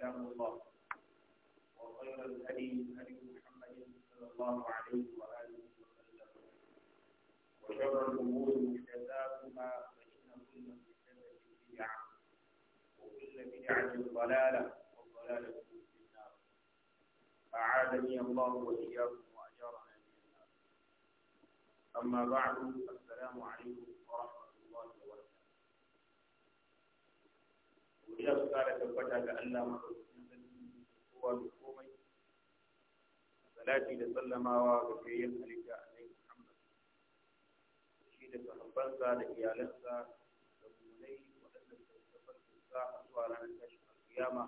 كتاب الله وخير الهدي هدي محمد صلى الله عليه وآله وسلم وشر الأمور محدثاتها فإن كل محدثة بدعة وكل بدعة ضلالة والضلالة في النار أعاذني الله وإياكم وأجارنا من النار أما بعد السلام عليكم ورحمة الله ina su kara tabbata ga Allah madaukakin sarki kowa da komai salati da sallamawa ga fiyayyen halitta annabi Muhammad shi da sahabbansa da iyalansa da munai waɗanda suka tabbata sa a zuwa ranar tashin alkiyama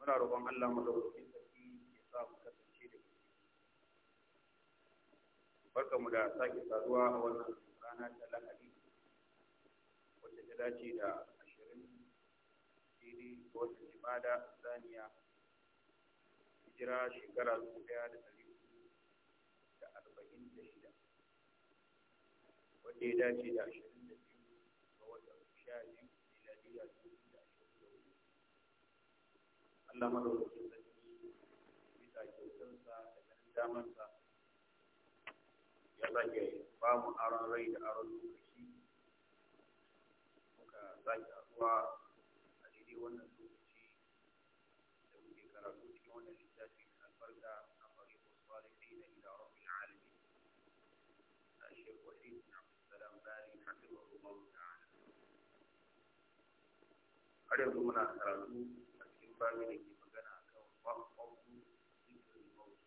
muna roƙon Allah madaukakin sarki ya sa mu kasance da gaske barkamu da sake saduwa a wannan rana ta lahadi wacce ta dace da ga watan jimada saniya hijira shekara dubu daya da ɗari da arba'in da shida wanda ya dace da ashirin da biyu ga watan sha biyu miladiya dubu da ashirin da hudu Allah madaukakin sarki bisa kyautarsa da ganin damarsa ya sake ba mu aron rai da aron lokaci muka sake haɗuwa a daidai wannan har yanzu muna karatu a cikin babu da ke magana a kan wakwakwu zikirin mawuce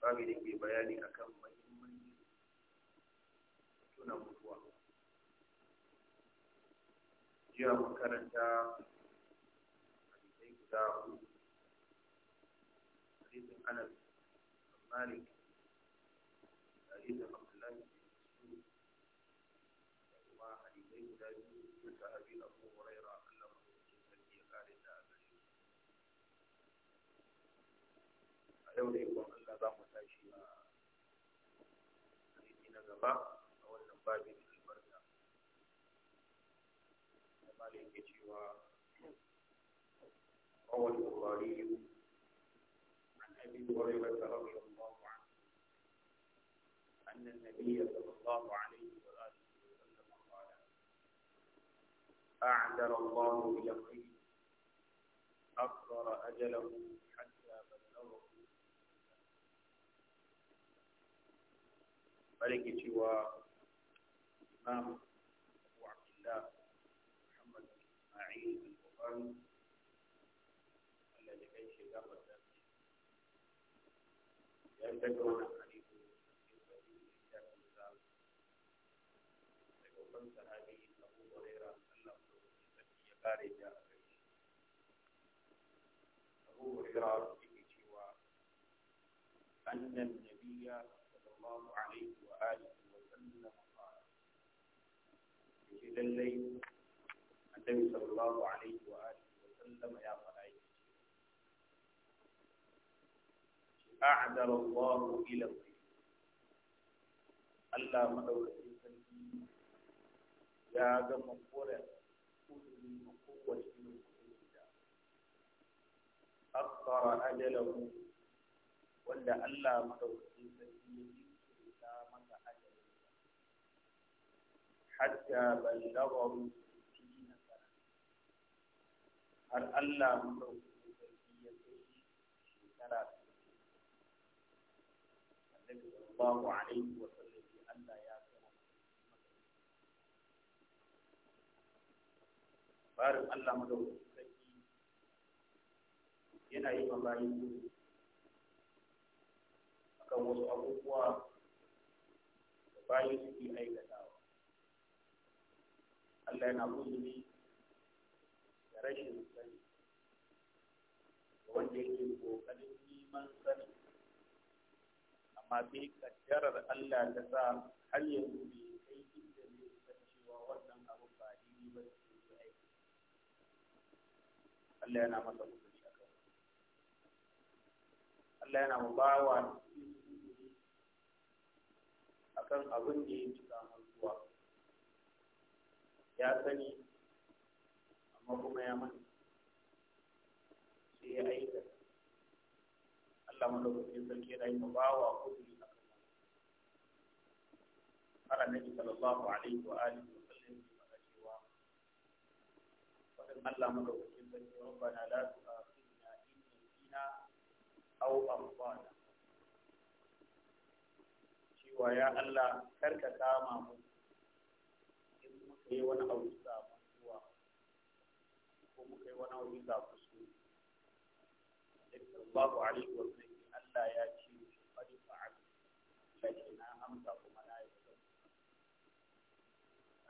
babu da ke bayani a kan mahimmanci tuna mutuwa jiya mun karanta hadisai guda uku hadisin anas malik الخفاء او عن ابي هريره رضي الله عنه ان النبي صلى الله عليه واله وسلم قال اعدل الله الى خير اجله malaki cewa imam abu abdullah muhammad ismail al-bukhari Allah ya kai shi gaba da ya daga wannan hadisi daga wannan sahabi abu hurairah Allah ya kare ya abu hurairah yake cewa annan Nabiya. آله وسلم قال لله النبي صلى الله عليه وآله وسلم يا ملائكة أعذر الله إلى الضيف Allah madaukakin sarki ya gama kore kudin kowace irin kudin da akhara ajalahu wanda Allah madaukakin sarki ya hatta ballaghahu sittina sana har Allah madaukakin sarki ya kai shekara Annabi sallallahu alaihi wa sallam Allah ya kama barin Allah madaukakin sarki yana yi akan wasu abubuwa da Allah yana uzuri da rashin sani wanda yake ƙoƙarin neman sani amma bai kaddarar Allah ta sa har yanzu bai kai inda zai san cewa wannan abu ba daidai ba ne zai aiki Allah yana masa uzuri a kan Allah yana mu a kan abin da ya cika masa ya sani amma kuma ya mani. sai ya aikata Allah madaukakin sarki yana ba bawa kudi a kan har annabi sallallahu alaihi wa alihi wa sallam ya faɗa cewa wadan Allah madaukakin sarki rabbana la tu'akhidna in nasina aw akhtana cewa ya Allah karka kama mu muka yi wani abu bisa kusuwa ko muka yi wani abu wa Allah ya ce qad da na amsa kuma na yi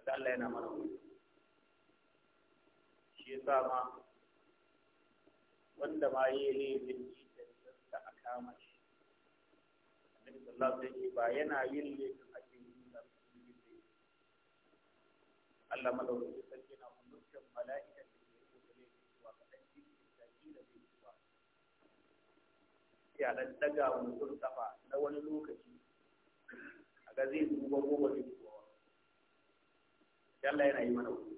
da Allah yana mana shi ma wanda ma yi laifin shi da a kama shi ba yana yin laifin Allah madaukakin sarki na umurtar mala'ikan da ke rubuta ne cewa kaɗan jikin sarki da zai zuwa ya ɗan daga mutum sama na wani lokaci a ga zai zuwa goma zai zuwa Allah yana yi mana wuri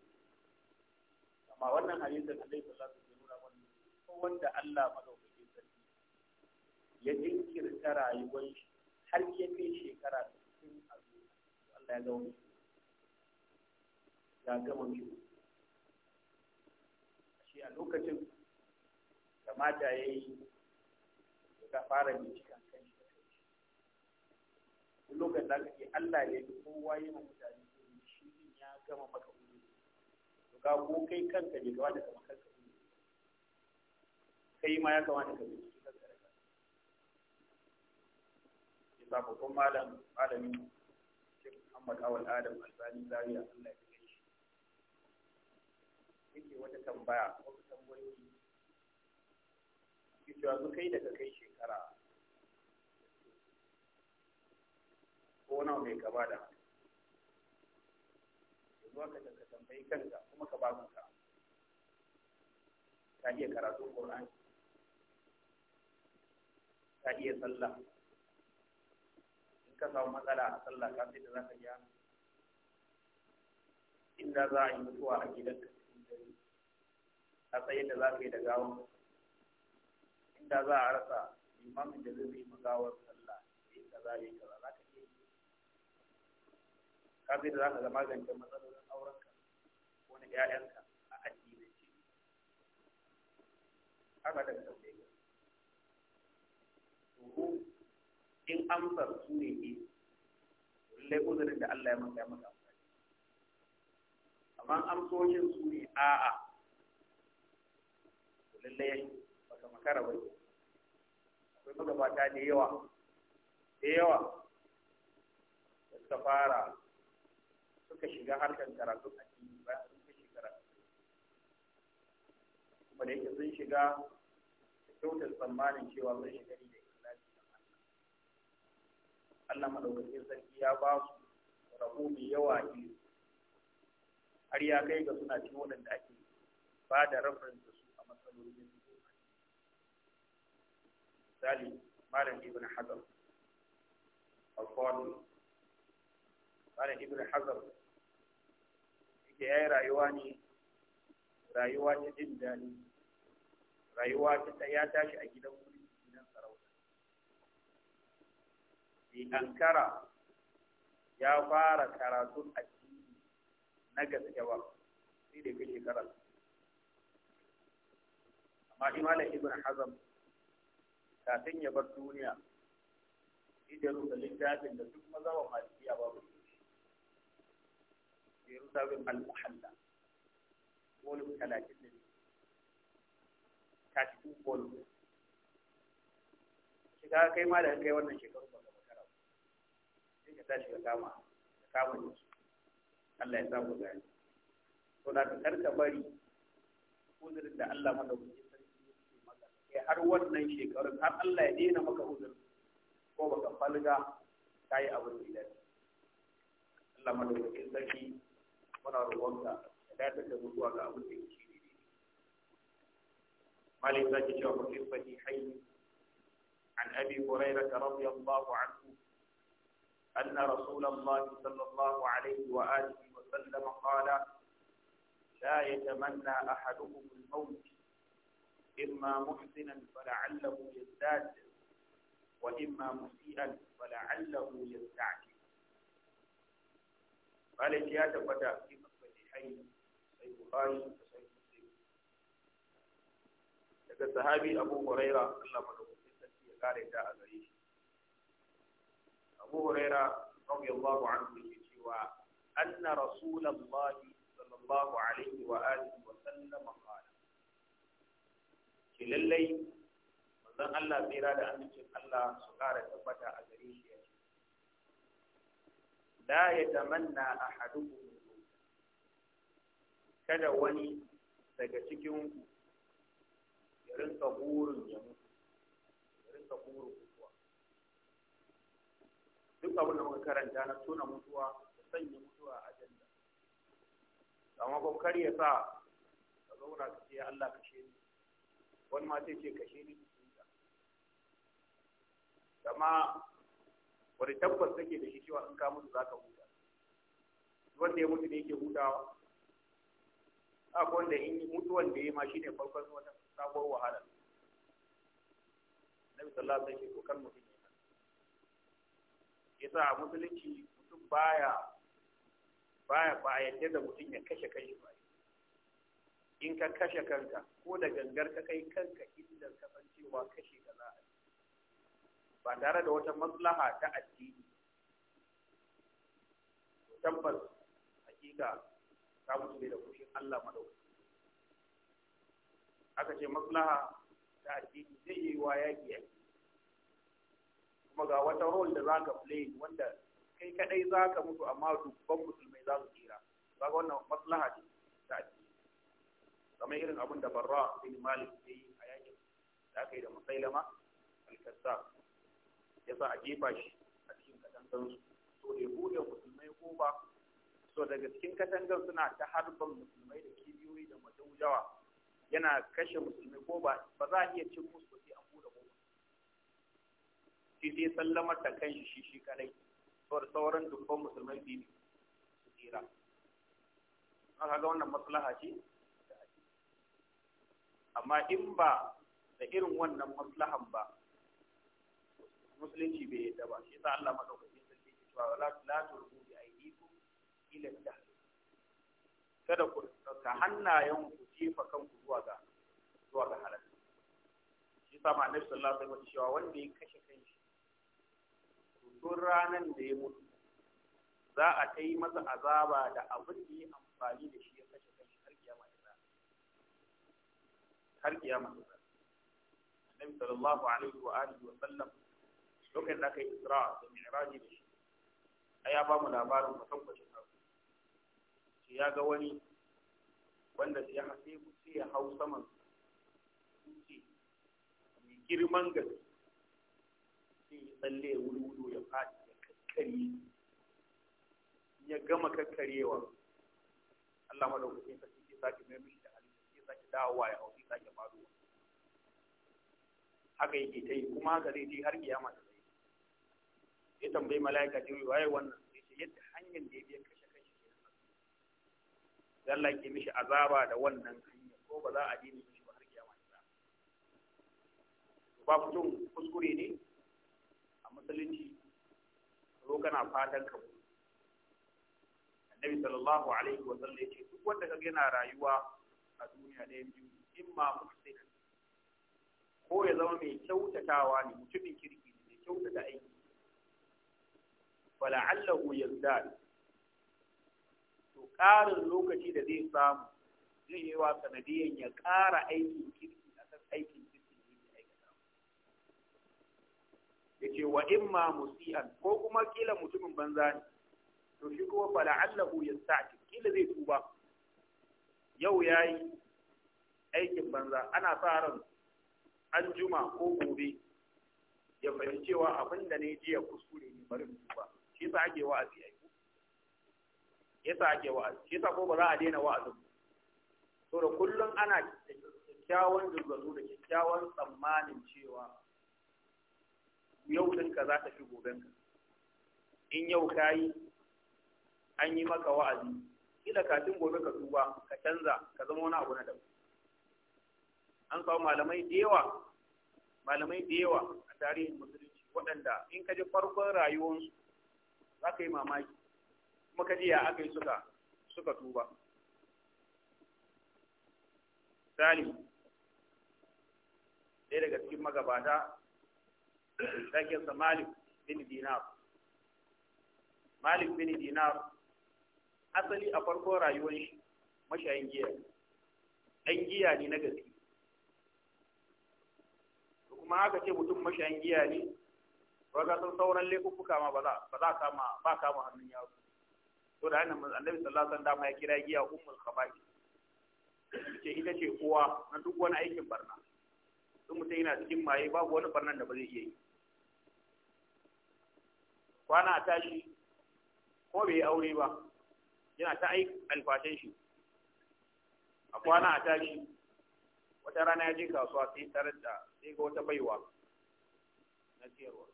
amma wannan hadisin Allah ya sallatu ya nuna wani ko wanda Allah madaukakin sarki ya jinkirta rayuwar shi har ya kai shekara 60 cikin zuwa Allah ya ga wani ta gama biyu shi a lokacin da mata ya yi ka fara bincikan kan shi da kai shi lokacin da ka ce Allah ya yi kowa yi ma mutane shi ya gama maka wuri to ka ko kai kanka ne ka wata kamar kanka wuri kai ma ya kamata ka binciki kanka da kanka ya sa babban malamin shi Muhammad Awal Adam Albani Zaria Allah ya yake wata tambaya wata tambayoyi ke cewa su kai daga kai shekara ko nawa mai kama da zuwa ka daga tambayi kanka kuma ka ba kanka ka iya karatun Qur'ani Ta iya sallah in ka samu matsala a sallah ka sai da za ka gyara inda za a yi mutuwa a gidanka a tsayin da za ka yi da gawar inda za a rasa limamin da zai yi magawar sallah ya eh, yi kaza yi kaza za ka iya yi ka da za ka zama magance matsalolin aurenka ko na 'ya'yanka a addinance haka da tambaye ka in amsar su ne ne eh, lallai uzurin da Allah ya maka ya maka amma amsoshin su ne a'a lallai baka makara ba akwai magabata da yawa da yawa da suka fara suka shiga harkar karatu a cikin bayan sun fi shekara kuma da yake sun shiga da kyautar tsammanin cewa sun shiga ne da ikhlasi da hannu. Allah madaukakin sarki ya ba su rabo mai yawa ne har ya kai ga suna cikin waɗanda ake ba da reference da su a matsalolin misali malam ibn hazar al malam ibn hazar yake yayi rayuwa ne rayuwa ta jin daɗi rayuwa ta ya tashi a gidan wuri gidan sarauta bi ankara ya fara karatun addini na gaske ba sai da kai shekarar. amma imanin ibn hazam kafin ya bar duniya shi da ruka littafin da duk wa malikiya babu shi rusa bin al-muhalla wani talatin da biyu thirty volume shiga kai ma da kai wannan shekaru ba ka makara sai ka tashi ka kama ka kama shi Allah ya sa ku gani to da ka bari uzurin da Allah madaukakin sarki yake maka kai har wannan shekarun har Allah ya daina maka uzurin ko baka falga kai abin da ya dace Allah madaukakin sarki muna ruwanka. ya dace da mutuwa ga abin da yake shi malik zaki cewa fi sahihain an abi hurairah radiyallahu anhu أن رسول الله صلى الله عليه وآله وسلم قال لا يتمنى أحدكم الموت إما محسنا فلعله يزداد وإما مسيئا فلعله يستعجل قالت يا تفتى في مصلحين أي بخاري daga sahabi abu huraira Allah madaukakin sarki ya kare ta a gare shi abu huraira radiyallahu anhu cewa أن رسول الله صلى الله عليه وآله وسلم قال للي من الله بإرادة أن الله سقارة ثبت أجريه لا يتمنى أحدكم kada wani daga cikin ya rinka burin ya mutu ya rinka burin mutuwa duk abin da muka karanta na tona mutuwa da sanya sakamakon kar ya sa ka zauna ka ce Allah kashe ni wani ma sai ce kashe ni kama wani tabbas take da shi cewa in ka mutu za ka huta wanda ya mutu ne yake hutawa akwai wanda in mutuwan da ya ma shi ne farkon wata sabuwar wahala nabi sallallahu alaihi wasallam sai ko kan mutum ne yasa a musulunci mutum baya baya ba a yadda da mutum ya kashe kanshi ba in ka kashe kanka ko da gangar ka kai kanka inda ka san cewa kashe ka za a ba tare da wata maslaha ta addini tabbas hakika ka mutu ne da kushin Allah madaukaki aka ce maslaha ta addini zai yi wa yaki yaki kuma ga wata role da zaka play wanda kai kadai zaka mutu amma dubban mutum ne za su tsira Ba ga wannan maslaha ce ta addini kamar irin abin da barra bin malik ya yi a yakin da aka yi da musailama al-kassab ya sa a jefa shi a cikin katangan su so da buɗe musulmai ba so daga cikin katangan suna ta harban musulmai da kibiyoyi da majaujawa yana kashe musulmai ko ba ba za a iya cin musu sai an buɗe ko shi sai sallamar da kanshi shi shi kadai saboda sauran dubban musulmai biyu hijira an ga wannan maslaha ce amma in ba da irin wannan maslahan ba musulunci bai yadda ba shi yasa Allah madaukakin sarki ke cewa la la turu bi aidiku ila da kada ku ka hannayen ku jefa kanku zuwa ga zuwa ga halal shi yasa ma Annabi sallallahu alaihi wasallam cewa wanda ya kashe kanshi to ranan da ya mutu za a ta yi masa azaba da abin da yi amfani da shi ya kashe kai har kiyama ta tsaya har kiyama ta tsaya annabi sallallahu alaihi wa alihi wa sallam lokacin da aka yi isra da mi'raji da shi ai ya ba mu labarin mutum kwacin sai ya ga wani wanda sai ya hasi sai ya hau saman dutse mai girman gaske sai ya tsalle wuri-wuri ya fadi ya kakkare ya gama kakkarewa Allah madaukakin sarki ke sake mai mishi da halitta ke sake dawowa ya auki sake faru haka yake ta yi kuma haka zai ji har kiyama ta zai ya tambayi mala'ika jibril waye wannan sai ce yadda hanyar da ya biya kashe kashe ke nan dan Allah ke mishi azaba da wannan hanya ko ba za a dini mishi ba har kiyama ta ba mutum kuskure ne a musulunci ko kana fatan ka annabi sallallahu alaihi wa sallam yake duk wanda kaga yana rayuwa a duniya ɗaya biyu imma muhsin ko ya zama mai kyautatawa ne mutumin kirki ne mai kyautata aiki fala'allahu yazdad to ƙarin lokaci da zai samu zai yi wa sanadiyan ya ƙara aikin kirki a kan aikin kirki ne da aikata ya ce wa imma musi'an ko kuma kila mutumin banza ne to shi kuma fala'allahu sa'ati kila zai tuba yau yayi aikin banza ana sa ran an juma ko gobe ya fahimci cewa abin da ne jiya kuskure ne bari mu tuba shi yasa ake wa'azi ai yasa ake wa'azi shi yasa ko ba za a daina wa'azin to da kullum ana kyakkyawan zurgazu da kyakkyawan tsammanin cewa yau ɗinka za ta fi ka. in yau ka yi an yi maka wa'azi kila kafin gobe ka duba ka canza ka zama wani abu na daban an samu malamai da yawa malamai da yawa a tarihin musulunci waɗanda in ka ji farkon rayuwarsu za ka yi mamaki kuma ka ji ya aka yi suka suka tuba misali ɗaya daga cikin magabata ɗakinsa malik bin dinar malik bin dinar asali a farko rayuwar shi mashayin giya ɗan giya ne na gaske kuma haka ce mutum mashayin giya ne ba sun san sauran laifuffuka ma ba za kama ba kama hannun yaro to da hannun annabi sallallahu alaihi wasallam ya kira giya ummul khaba'is ce ita ce uwa na duk wani aikin barna sun mutum yana cikin maye babu wani barnan da ba zai iya yi kwana a tashi ko bai aure ba yana ta aiki alfashin shi a kwana a tashi wata rana ya je kasuwa sai tarar da sai ga wata baiwa na siyarwa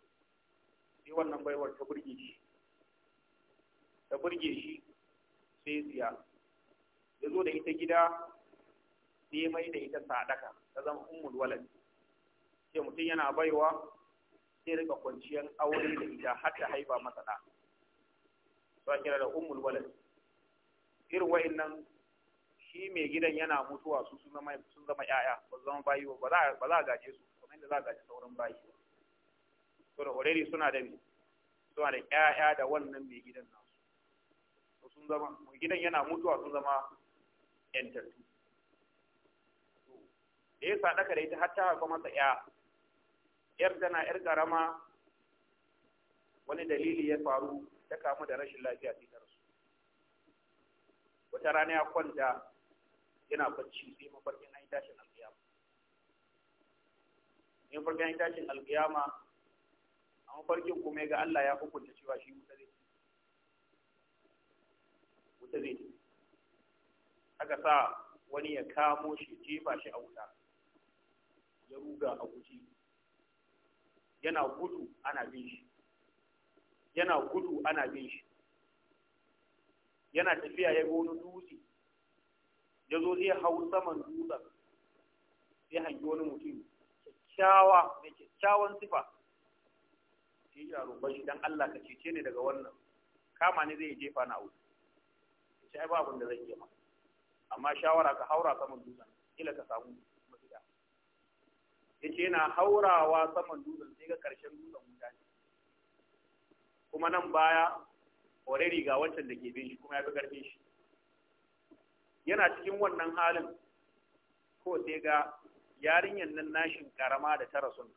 sai wannan baiwar ta burge shi ta burge shi sai siya ya zo da ita gida sai mai da ita sadaka ta zama ummul walad sai mutum yana baiwa sai rika kwanciyar aure da ita har ta haifa masa ɗa. Sai kira da ummul walad. irin nan shi mai gidan yana mutuwa su sun zama sun zama yaya ba zama bayi ba ba za a gaje su kamar yadda za a gaje sauran bayi to da already suna da suna da yaya da wannan mai gidan nasu sun zama mai gidan yana mutuwa sun zama yantattu da ya sadaka da ita hatta haifa masa ya yar tana yar ƙarama wani dalili ya faru ta kamu da rashin lafiya sai wata rana ya kwanta yana bacci sai mafarkin an yi tashin alkiyama ne mafarkin an yi tashin alkiyama a mafarkin kuma ga Allah ya hukunta cewa shi wuta zai wuta zai aka sa wani ya kamo shi jefa shi a wuta ya ruga a guji yana gudu ana bin shi yana gudu ana bin shi yana tafiya ya gono wani dutse ya zo zai hau saman dutsen sai hangi wani mutum kyakkyawa mai kyakkyawan sifa shi ya roƙon shi dan Allah ka cece ni daga wannan kama ni zai jefa na wuce ce ai ba abin da zai yi ma amma shawara ka haura saman dutsen kila ka samu mafita yace yana haurawa saman dutsen sai ga karshen dutsen mutane kuma nan baya kore riga wancan da ke bin shi kuma ya fi karfin shi yana cikin wannan halin ko sai ga yarinyar nan nashin karama da tara sun.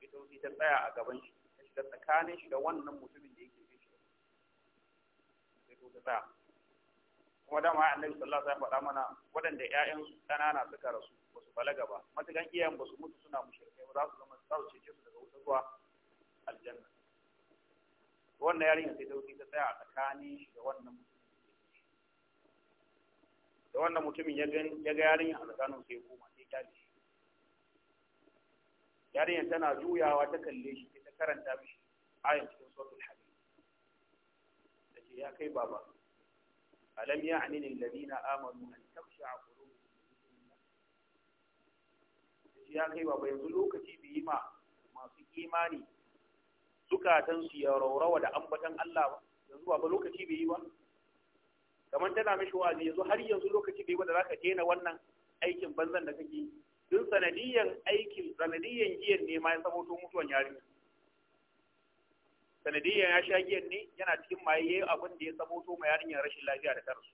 ita sai ta tsaya a gaban shi ta shiga tsakanin shi da wannan mutumin da yake bin shi sai ta tsaya kuma dama annabi sallallahu alaihi wasallam faɗa mana waɗanda ƴaƴan su ƙanana suka rasu ba su balaga ba matakan iyayen ba su mutu suna mushrikai ba za su zama za su cece su daga wutar zuwa aljanna wannan yarinya sai dauki wuce ta tsaya a tsakanin shi da wannan mutum da wannan mutumin ya ga yarinya a tsakanin sai koma sai ta shi. yarinya tana juyawa ta kalle shi ta karanta mishi ayan cikin suratul hadid da ke ya kai baba alam ya'ni lil ladina amanu an takhsha'a qulubuhum ya kai baba yanzu lokaci bai yi ma masu imani zukatan su ya raurawa da ambatan Allah ba yanzu ba lokaci bai yi ba kamar tana mishi wa'azi yanzu har yanzu lokaci bai yi ba da zaka daina wannan aikin banzan da kake yi sanadiyan aikin sanadiyan giyan ne ma ya saboto mutuwan yari sanadiyan ya sha giyan ne yana cikin maye abin da ya saboto ma yarinyar rashin lafiya da karsu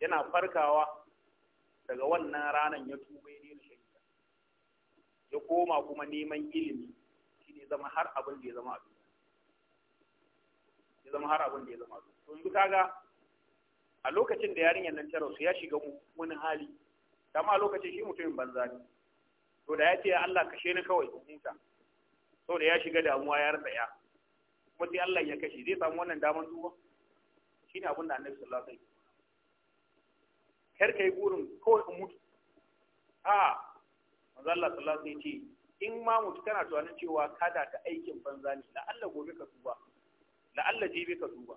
yana farkawa daga wannan ranan ya tuba ya daina ya koma kuma neman ilimi shi ne zama har abin da ya zama a ya zama har abin da ya zama abin to yanzu kaga a lokacin da yarinyar nan ta rasu ya shiga wani hali dama a lokacin shi mutumin banza ne to da ya ce Allah kashe ni kawai in huta da ya shiga damuwa ya rasa ya kuma sai Allah ya kashe zai samu wannan damar duba shine abin da Annabi sallallahu alaihi wasallam kar kai gurin kawai in mutu a manzo Allah sallallahu alaihi wasallam ya ce in ma mutu kana tunanin cewa ka da aikin banza ne la'alla gobe ka tuba la'alla jibi ka duba.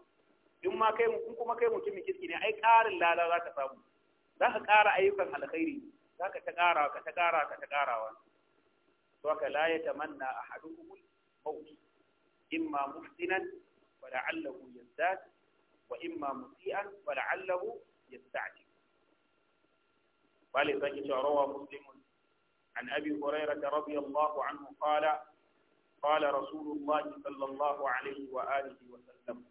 in ma kai mutum kuma kai mutumin kirki ne ai ƙarin lada za ka samu za ka ƙara ayyukan alkhairi za ka ta ƙara ka ta ƙara ka ta ƙarawa to ka la ya tamanna ahadukum maut imma muhsinan wa la'allahu yazdad wa imma musian wa la'allahu yasta'jil wale zaki cewa rawa muslimun عن أبي هريرة رضي الله عنه قال قال رسول الله صلى الله عليه وآله وسلم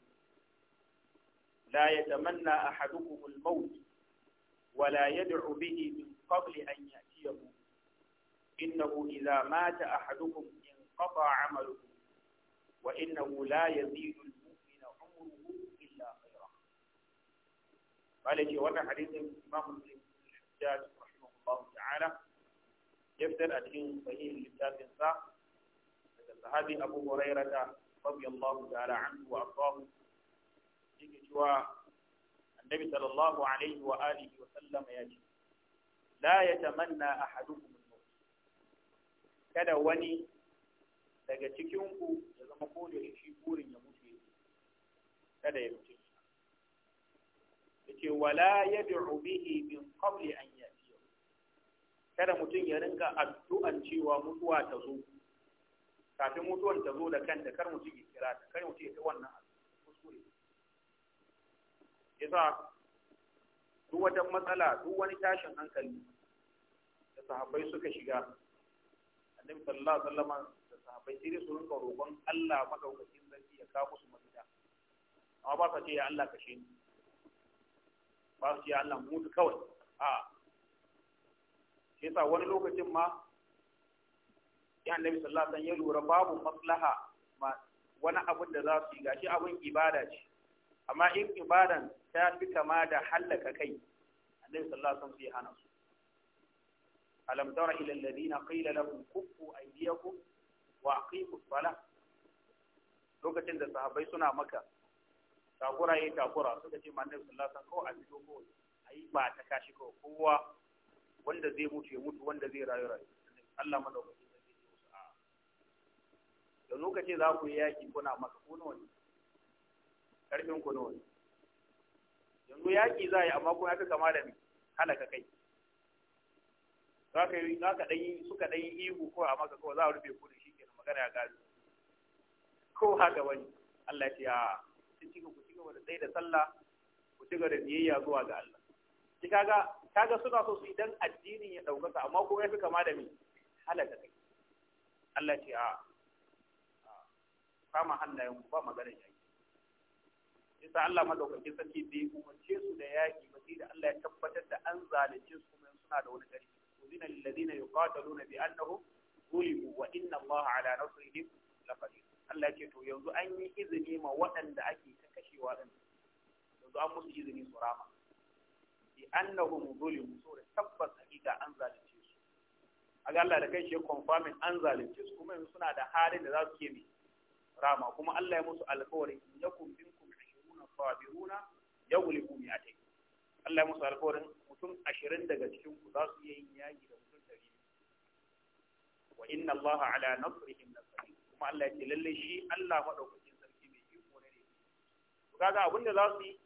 لا يتمنى أحدكم الموت ولا يدعو به من قبل أن يأتيه إنه إذا مات أحدكم انقطع عمله وإنه لا يزيد المؤمن عمره إلا خيرا قال جي حديث الإمام مسلم الحجاج رحمه الله تعالى يفتل أدين صحيح لبجاز إنساء الذهبي أبو هريرة رضي الله تعالى عنه وأرضاه يجي جوا النبي صلى الله عليه وآله وسلم يجي لا يتمنى أحدكم الموت كذا وني daga cikin ku ya zama ko da shi burin ya mutu kada من mutu yake wala yad'u bihi min kada mutum ya rinka addu'an cewa mutuwa ta zo kafin mutuwan ta zo da kanta kar mutum ya kira ta kar mutum ya ta wannan kuskure yasa duk wata matsala duk wani tashin hankali da sahabbai suka shiga annabi sallallahu alaihi wasallam da sahabbai sai su rinka roƙon Allah madaukakin sarki ya kawo su mafita amma ba su ce ya Allah kashe ni ba su ce ya Allah mutu kawai A'a. yasa wani lokacin ma ya annabi sallallahu alaihi wasallam ya lura babu maslaha ma wani abin da za su yi gashi abin ibada ce amma in ibadan ta fi kama da halaka kai annabi sallallahu alaihi wasallam sai hana su alam tara ila alladhina qila lahum kuffu aydiyakum wa aqimus salah lokacin da sahabbai suna maka takura yi takura suka ce manzon sallallahu alaihi wasallam ko a ji ko ai ba ta kashi ko kowa wanda zai mutu ya mutu wanda zai rayu rayu Allah madaukakin sarki ce musu a'a da lokaci za ku yi yaki kuna maka ko nawa ne karfin ku nawa ne yanzu yaki za a yi amma ku ya kama da halaka kai za ka yi za ka ɗanyi suka ɗanyi ihu ko a maka kawai za a rufe ku da shi kenan magana ya gaji ko haka wani Allah ya ce a'a ku ci gaba da tsaye da sallah ku ci gaba da biyayya zuwa ga Allah ki kaga kaga suna so su idan addinin ya ɗaukaka amma kuma ya fi kama da me halaka kai Allah ce a kama hannayen ku ba maganar yaki yasa Allah madaukakin sarki bai umarce su da yaki ba sai da Allah ya tabbatar da an zalunce su kuma suna da wani gari uzina lil ladina yuqataluna bi annahum zulimu wa inna Allah ala nasrihim laqadir Allah ya ce to yanzu an yi izini ma waɗanda ake ta kashewa din yanzu an musu izini su rama bi annahum zulimu sura tabbas hakika an zalunce su aga Allah da kai shi confirming an zalunce su kuma yanzu suna da halin da za su kebe rama kuma Allah ya musu alƙawarin yakum minkum 20 sabiruna yaghlibu mi'atayn Allah ya musu alƙawarin mutum 20 daga cikin ku za su iya yin yaki da mutum 100 wa inna Allah ala nasrihim nasir kuma Allah ya ce lalle shi Allah madaukakin sarki mai iko ne to kaga abinda za su yi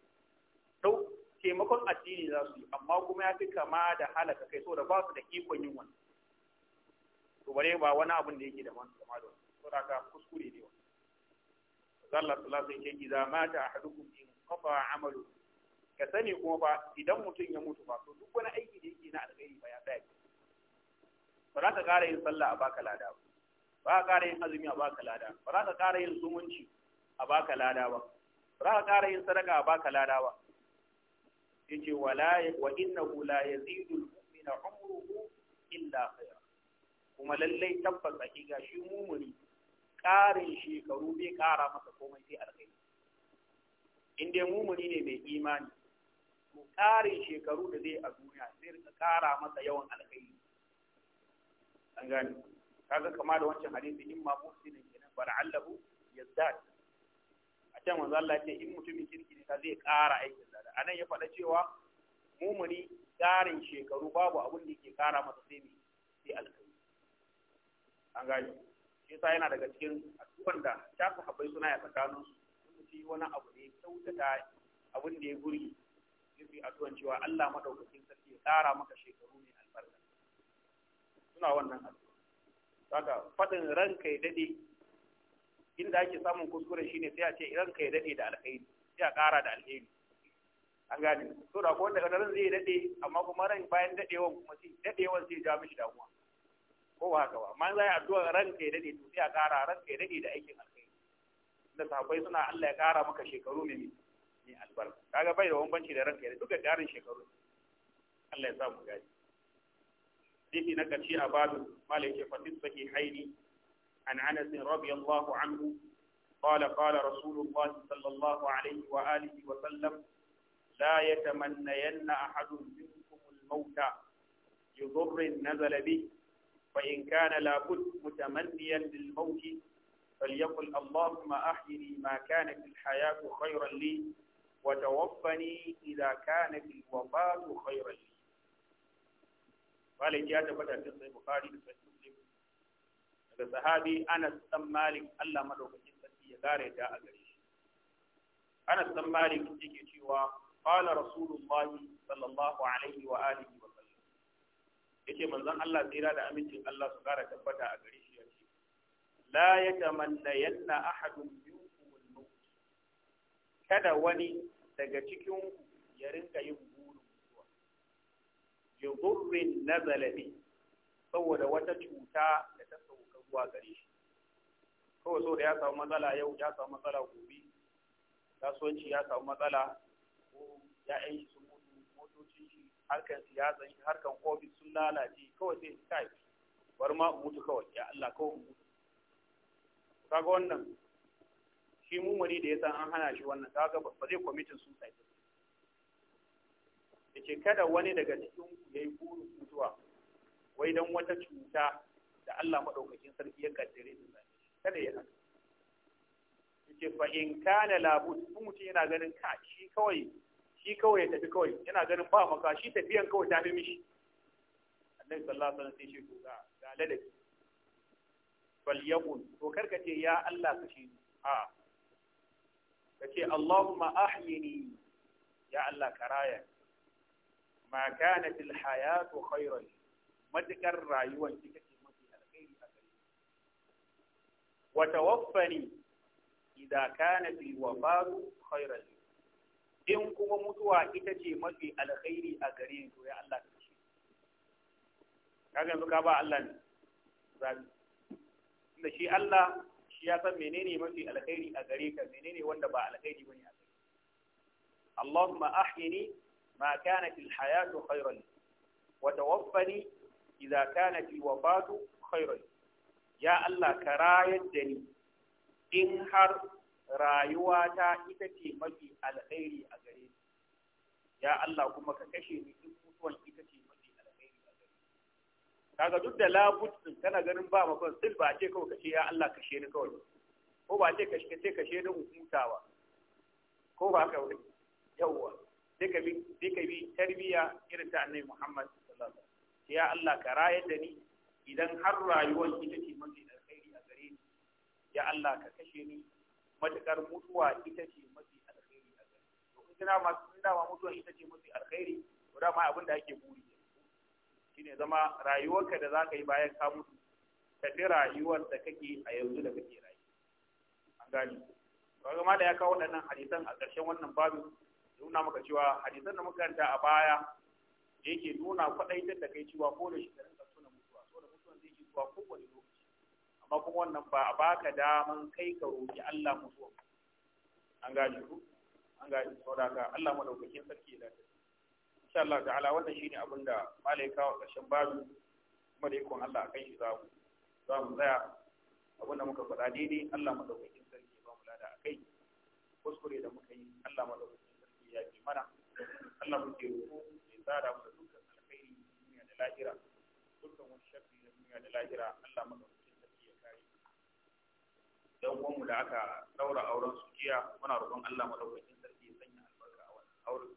taimakon addini za su yi amma kuma ya fi kama da halaka kai saboda ba su da ikon yin wani to bare ba wani abin da yake da man kama da wannan da ka kuskure ne wani zalla sallallahu alaihi wasallam yake idza mata ahadukum in a amalu ka sani kuma ba idan mutum ya mutu ba to duk wani aiki da yake na alkhairi ba ya tsaya ba za ka ƙara yin sallah a baka lada ba ba ka ƙara yin azumi a baka lada ba za ka ƙara yin zumunci a baka lada ba ba za ka ƙara yin sadaka a baka lada ba yace wala wa innahu la yazidul mu'mina umruhu illa khayra kuma lallai tabbas hakika shi mumuni ƙarin shekaru bai ƙara masa komai sai alkhairi in dai ne mai imani to ƙarin shekaru da zai a duniya zai rika ƙara masa yawan alkhairi an gane kaga kama da wancan hadisi in ma musulmi kenan bar allahu yazdad a can manzo Allah ce in mutumin kirki ne ka zai ƙara aikin a nan ya faɗa cewa mumuni tsarin shekaru babu abin da ke kara masa sai sai alkai an gani shi yasa yana daga cikin addu'an da ta sahabbai suna ya tsakanin su shi wani abu ne kyautata abin da ya gurgi nufi addu'an cewa Allah madaukakin sarki ya kara maka shekaru mai albarka suna wannan addu'a saka faɗin ranka ya dade inda ake samun kuskure shine sai a ce ranka ya dade da alkhairi sai a kara da alkhairi. an gane so da wanda ran zai dade amma kuma ran bayan dadewan kuma shi dadewan sai ja mishi damuwa ko ba haka ba amma zai addu'a ran kai dade to sai a kara ran kai dade da aikin alkhairi da sahabbai suna Allah ya kara maka shekaru mai mai albar kaga bai da bambanci da ran kai dade duka garin shekaru Allah ya sa mu gani dai na karshe a babu malike fatis haini an Anas radiyallahu anhu قال قال رسول الله صلى الله عليه wa وسلم لا يتمنين أحد منكم الموت لضر نزل به فإن كان لابد متمنيا للموت فليقل اللهم أحيني ما كانت الحياة خيرا لي وتوفني إذا كانت الوفاة خيرا لي قال جاءت بدأ في صحيح البخاري وصحيح مسلم daga sahabi Anas dan Malik Allah madaukakin sarki ya gare ta a gare shi Anas dan Malik yake cewa qala rasulullahi sallallahu alaihi wa alihi wa sallam yace manzon Allah tsira da amincin Allah su kara tabbata a gare shi yace la yatamanna yanna ahadun minkum al-maut kada wani daga cikin ku ya rinka yin burin zuwa. bi dhurrin nazala bi saboda wata cuta da ta sauka zuwa gare shi kawai so da ya samu matsala yau ya samu matsala gobe kasuwanci ya samu matsala ya'yan shi sun mutu motocin shi harkan siyasa shi harkan ofis sun lalace kawai sai kai bar ma mutu kawai ya Allah kawai mutu kaga wannan shi mumuni da ya san an hana shi wannan kaga ba zai kwamitin suicide yace kada wani daga cikin ku yayi burin mutuwa wai dan wata cuta da Allah madaukakin sarki ya kaddare shi kada ya haka yace fa in kana labu mutum yana ganin ka shi kawai shi kawai ya tafi kawai yana ganin ba maka shi tafiyan kawai ta fi mishi annabi sallallahu alaihi wasallam sai shi ga ga ladabi bal yaqul to karka ce ya Allah ka shi a kace Allahumma ahyini ya Allah karaya ma kanat al hayatu khayran madkar rayuwan ki kace mafi alkhairi a gare wa tawaffani idza kanat al wafatu khayran in kuma mutuwa ita ce mafi alkhairi a gare to ya Allah ka kashe kaga yanzu ka ba Allah ne zabi da shi Allah shi ya san menene mafi alkhairi a gare ka menene wanda ba alkhairi bane a gare Allahumma ahyini ma kanat alhayatu khayran wa tawaffani idza kanat alwafatu khayran ya Allah ka rayar da ni in har rayuwata ita ce mafi alkhairi a gare ni ya Allah kuma ka kashe ni in mutuwan ita ce mafi alkhairi a gare ni kaga duk da labut din kana ganin ba mafan sil ba ce kawai kace ya Allah kashe ni kawai ko ba ce kashe kace kashe ni hutawa ko ba ka wani yawwa sai ka bi sai ka bi tarbiya irin ta annabi Muhammad sallallahu alaihi wasallam ya Allah ka rayar da ni idan har rayuwar ita ce mafi alkhairi a gare ni ya Allah ka kashe ni matuƙar mutuwa ita ce mafi alkhairi a gare to in tana ma in ma mutuwa ita ce mafi alkhairi to dama abin da ake buri shine zama rayuwarka da zaka yi bayan ka mutu ka ji rayuwar da kake a yanzu da kake rayuwa an gani to ma da ya kawo waɗannan hadisan a ƙarshen wannan babin nuna maka cewa hadisan da muka karanta a baya da yake nuna kwaɗaitar da kai cewa ko da da ka suna mutuwa so da mutuwan zai ke zuwa kowane lokaci amma kuma wannan ba a baka daman kai ka roƙi Allah mutuwa an gaji ku an gaji saboda ka Allah madaukakin sarki da insha Allah ta'ala wannan shine abin da malaika wa ƙarshen babu kuma da ikon Allah kai shi za mu za mu tsaya abin da muka faɗa daidai Allah madaukakin sarki ba mu lada akai kuskure da muka yi Allah madaukakin sarki ya ji mana Allah muke roƙo ya tsara mu da dukkan alkhairi duniya da lahira dukkan wani shafi na duniya da lahira Allah madaukakin yan uwanmu da aka ɗaura auren su jiya muna roƙon Allah madaukakin sarki ya sanya albarka a wannan auren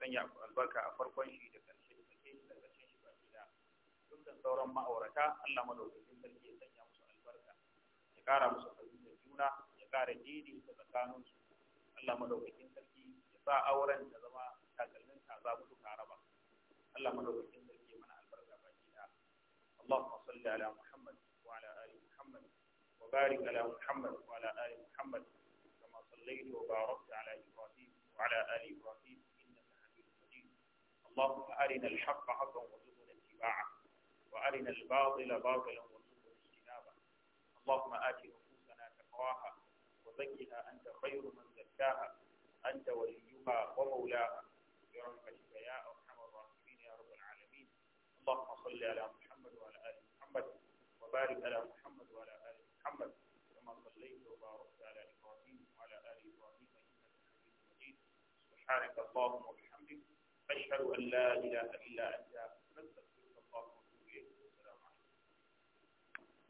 sanya albarka a farkon shi da ƙarshe da sake shi da ƙarshen shi baki da dukkan sauran ma'aurata Allah madaukakin sarki ya sanya musu albarka ya ƙara musu fahimtar juna ya ƙara dini da tsakanin su Allah madaukakin sarki ya sa auren ta zama takalmin ta za mutu tare raba Allah madaukakin sarki mana albarka baki da Allahumma salli ala Muhammad وبارك على محمد وعلى آل محمد كما صليت وباركت على إبراهيم وعلى آل إبراهيم إنك حميد مجيد اللهم أرنا الحق حقا وارزقنا اتباعه وأرنا الباطل باطلا وارزقنا اجتنابه اللهم آت نفوسنا تقواها وزكها أنت خير من زكاها أنت وليها ومولاها برحمتك يا أرحم الراحمين يا رب العالمين اللهم صل على محمد وعلى آل محمد وبارك على محمد محمد كما صليت وباركت على إبراهيم وعلى آل إبراهيم إنك حميد مجيد سبحانك اللهم وبحمدك أشهد أن لا إله إلا أنت